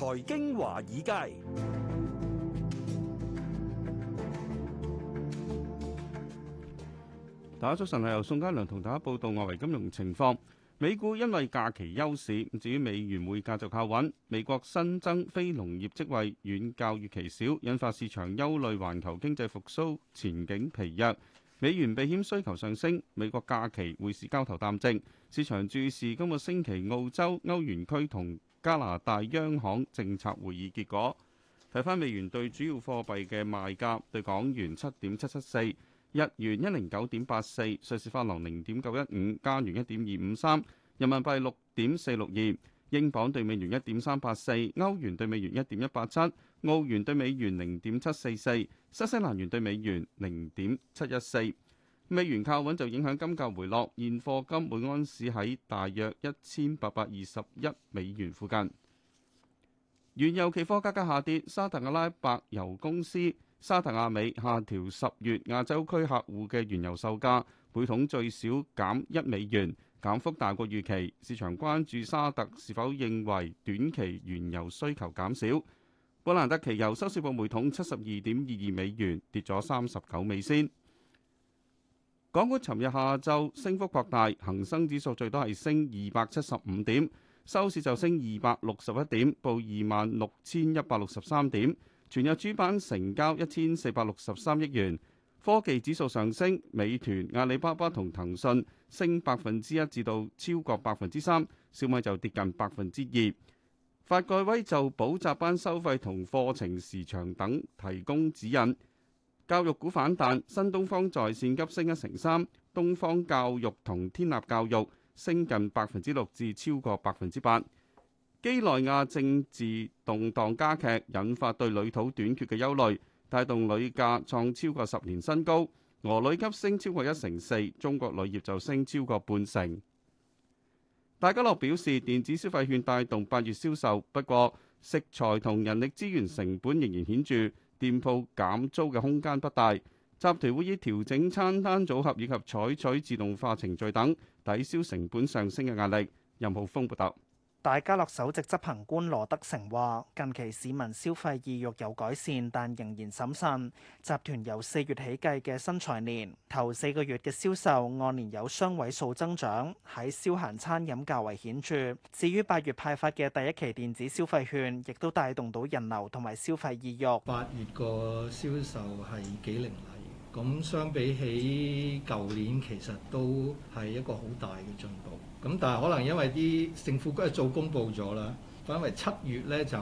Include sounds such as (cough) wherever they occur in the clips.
財經華爾街，大家早晨，係，由宋家良同大家報道外圍金融情況。美股因為假期休市，至於美元匯價就靠穩。美國新增非農業職位遠較預期少，引發市場憂慮，環球經濟復甦前景疲弱，美元避險需求上升。美國假期會是交投淡靜，市場注視今個星期澳洲、歐元區同加拿大央行政策會議結果，睇返美元對主要貨幣嘅賣價，對港元七點七七四，日元一零九點八四，瑞士法郎零點九一五，加元一點二五三，人民幣六點四六二，英鎊對美元一點三八四，歐元對美元一點一八七，澳元對美元零點七四四，新西蘭元對美元零點七一四。美元靠穩就影響金價回落，現貨金每安士喺大約一千八百二十一美元附近。原油期貨價格下跌，沙特阿拉伯油公司沙特阿美下調十月亞洲區客戶嘅原油售價，每桶最少減一美元，減幅大過預期。市場關注沙特是否認為短期原油需求減少。布蘭特期油收市報每桶七十二點二二美元，跌咗三十九美仙。港股尋日下晝升幅擴大，恒生指數最多係升二百七十五點，收市就升二百六十一點，報二萬六千一百六十三點。全日主板成交一千四百六十三億元。科技指數上升，美團、阿里巴巴同騰訊升百分之一至到超過百分之三，小米就跌近百分之二。發改委就補習班收費同課程時長等提供指引。教育股反彈，新東方在線急升一成三，東方教育同天立教育升近百分之六至超過百分之八。基內亞政治動盪加劇，引發對鋁土短缺嘅憂慮，帶動鋁價創超過十年新高，俄鋁急升超過一成四，中國鋁業就升超過半成。大家樂表示，電子消費券帶動八月銷售，不過食材同人力資源成本仍然顯著。店鋪減租嘅空間不大，集團會以調整餐單組合以及採取自動化程序等，抵消成本上升嘅壓力。任浩峰報道。大家樂首席執行官羅德成話：近期市民消費意欲有改善，但仍然審慎。集團由四月起計嘅新財年頭四個月嘅銷售按年有雙位數增長，喺消閒餐飲較為顯著。至於八月派發嘅第一期電子消費券，亦都帶動到人流同埋消費意欲。八月個銷售係幾凌厲。咁相比起舊年，其實都係一個好大嘅進步。咁但係可能因為啲政府一早公布咗啦，咁因為七月咧就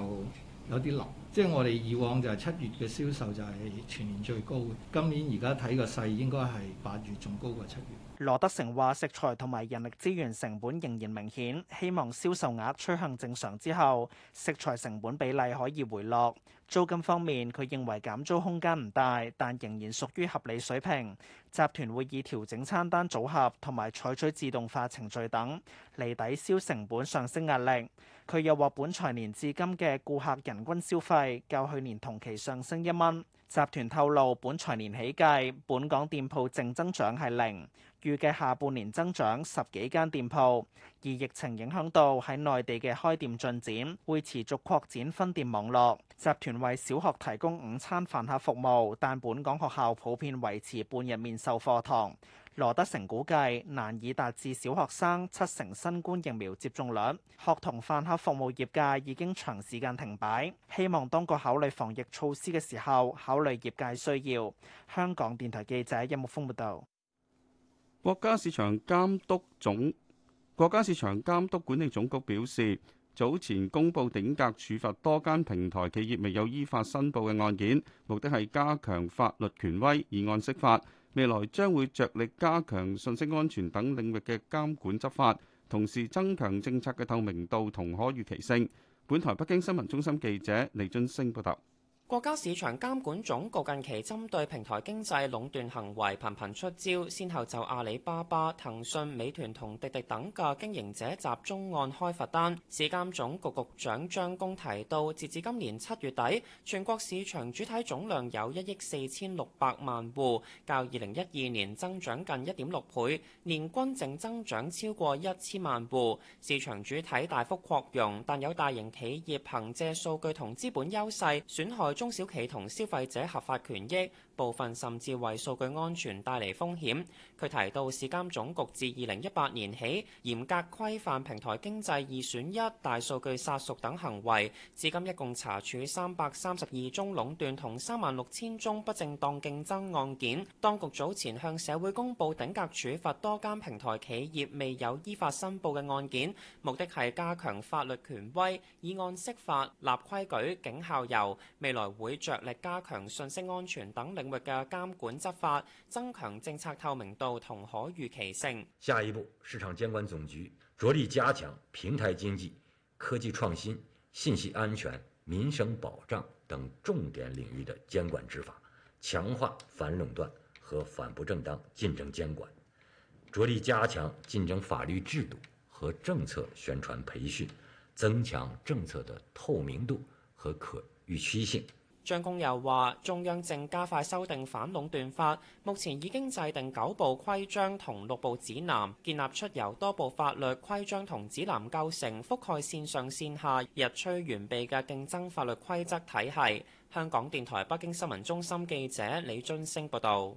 有啲落，即係我哋以往就係七月嘅銷售就係全年最高。今年而家睇個勢應該係八月仲高過七月。羅德成話：食材同埋人力資源成本仍然明顯，希望銷售額趨向正常之後，食材成本比例可以回落。租金方面，佢認為減租空間唔大，但仍然屬於合理水平。集團會以調整餐單組合同埋採取自動化程序等嚟抵消成本上升壓力。佢又話，本財年至今嘅顧客人均消費較去年同期上升一蚊。集團透露，本財年起計，本港店鋪淨增長係零，預計下半年增長十幾間店鋪。而疫情影響到喺內地嘅開店進展，會持續擴展分店網絡。集團為小學提供午餐飯盒服務，但本港學校普遍維持半日面授課堂。羅德成估計難以達至小學生七成新冠疫苗接種率，學童飯盒服務業界已經長時間停擺，希望當局考慮防疫措施嘅時候，考慮業界需要。香港電台記者殷木豐報道。國家市場監督總國家市場監督管理總局表示，早前公布頂格處罰多間平台企業未有依法申報嘅案件，目的係加強法律權威，以案釋法。未來將會着力加強信息安全等領域嘅監管執法，同時增強政策嘅透明度同可預期性。本台北京新聞中心記者李津升報道。國家市場監管總局近期針對平台經濟壟斷行為頻頻出招，先後就阿里巴巴、騰訊、美團同滴滴等嘅經營者集中案開罰單。市監總局局長張工提到，截至今年七月底，全國市場主體總量有一億四千六百萬戶，較二零一二年增長近一點六倍，年均淨增長超過一千萬戶。市場主體大幅擴容，但有大型企業憑藉數據同資本優勢損害中小企同消費者合法權益。部分甚至為數據安全帶嚟風險。佢提到，市監總局自二零一八年起，嚴格規範平台經濟二選一、大數據殺熟等行為。至今一共查處三百三十二宗壟斷同三萬六千宗不正當競爭案件。當局早前向社會公布頂格處罰多間平台企業未有依法申報嘅案件，目的係加強法律權威，以案釋法、立規矩、儆效尤。未來會着力加強信息安全等領物嘅監管執法，增強政策透明度同可預期性。下一步，市場監管總局着力加強平台經濟、科技創新、信息安全、民生保障等重點領域的監管執法，強化反壟斷和反不正當競爭監管，着力加強競爭法律制度和政策宣傳培訓，增強政策的透明度和可預期性。張公又話，中央正加快修訂反壟斷法，目前已經制定九部規章同六部指南，建立出由多部法律規章同指南構成、覆蓋線上線下、日趨完備嘅競爭法律規則體系。香港電台北京新聞中心記者李津星報道。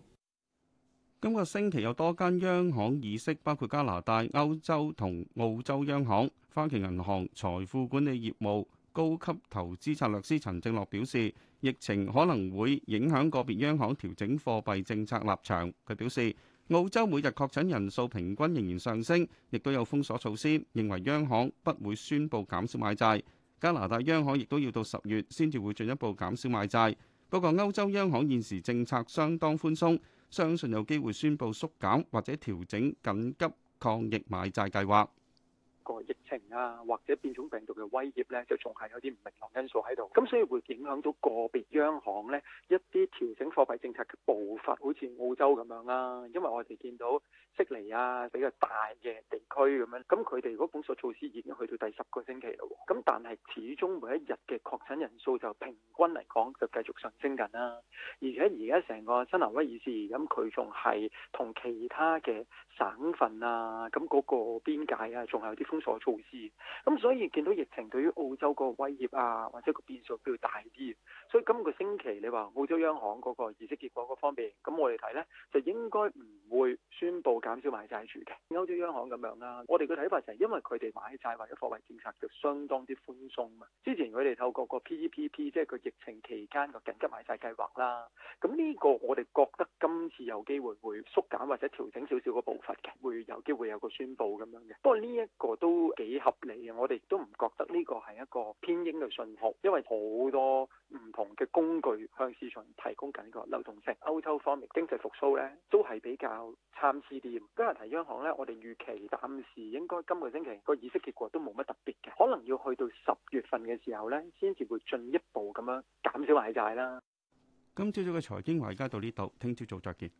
今個星期有多間央行議息，包括加拿大、歐洲同澳洲央行、花旗銀行財富管理業務，高級投資策略師陳正樂表示，疫情可能會影響個別央行調整貨幣政策立場。佢表示，澳洲每日確診人數平均仍然上升，亦都有封鎖措施，認為央行不會宣布減少買債。加拿大央行亦都要到十月先至會進一步減少買債。不過，歐洲央行現時政策相當寬鬆，相信有機會宣布縮減或者調整緊急抗疫買債計劃。疫情啊，或者變種病毒嘅威脅咧，就仲係有啲唔明朗因素喺度，咁 (noise) 所以會影響到個別央行咧，一啲調整貨幣政策嘅步伐，好似澳洲咁樣啦、啊，因為我哋見到。悉尼啊，比較大嘅地區，咁樣咁佢哋嗰封鎖措施已經去到第十個星期嘞。咁但係始終每一日嘅確診人數就平均嚟講就繼續上升緊啦。而且而家成個新南威爾士，咁佢仲係同其他嘅省份啊，咁嗰個邊界啊，仲係有啲封鎖措施。咁所以見到疫情對於澳洲個威脅啊，或者個變數比較大啲。所以今個星期你話澳洲央行嗰個議息結果嗰方面，咁我哋睇咧就應該唔會宣布。減少買債住嘅歐洲央行咁樣啦，我哋嘅睇法就係因為佢哋買債或者貨幣政策就相當之寬鬆啊。之前佢哋透過個 PEPP，即係個疫情期間個緊急買債計劃啦。咁呢個我哋覺得今次有機會會縮減或者調整少少個步伐嘅，會有機會有個宣布咁樣嘅。不過呢一個都幾合理啊，我哋都唔覺得呢個係一個偏鷹嘅信號，因為好多唔同嘅工具向市場提供緊個流動性。歐洲方面經濟復甦呢，都係比較參差啲。今日提央行咧，我哋預期暫時應該今個星期個議息結果都冇乜特別嘅，可能要去到十月份嘅時候咧，先至會進一步咁樣減少買債啦。今朝早嘅財經話，而家到呢度，聽朝早再見。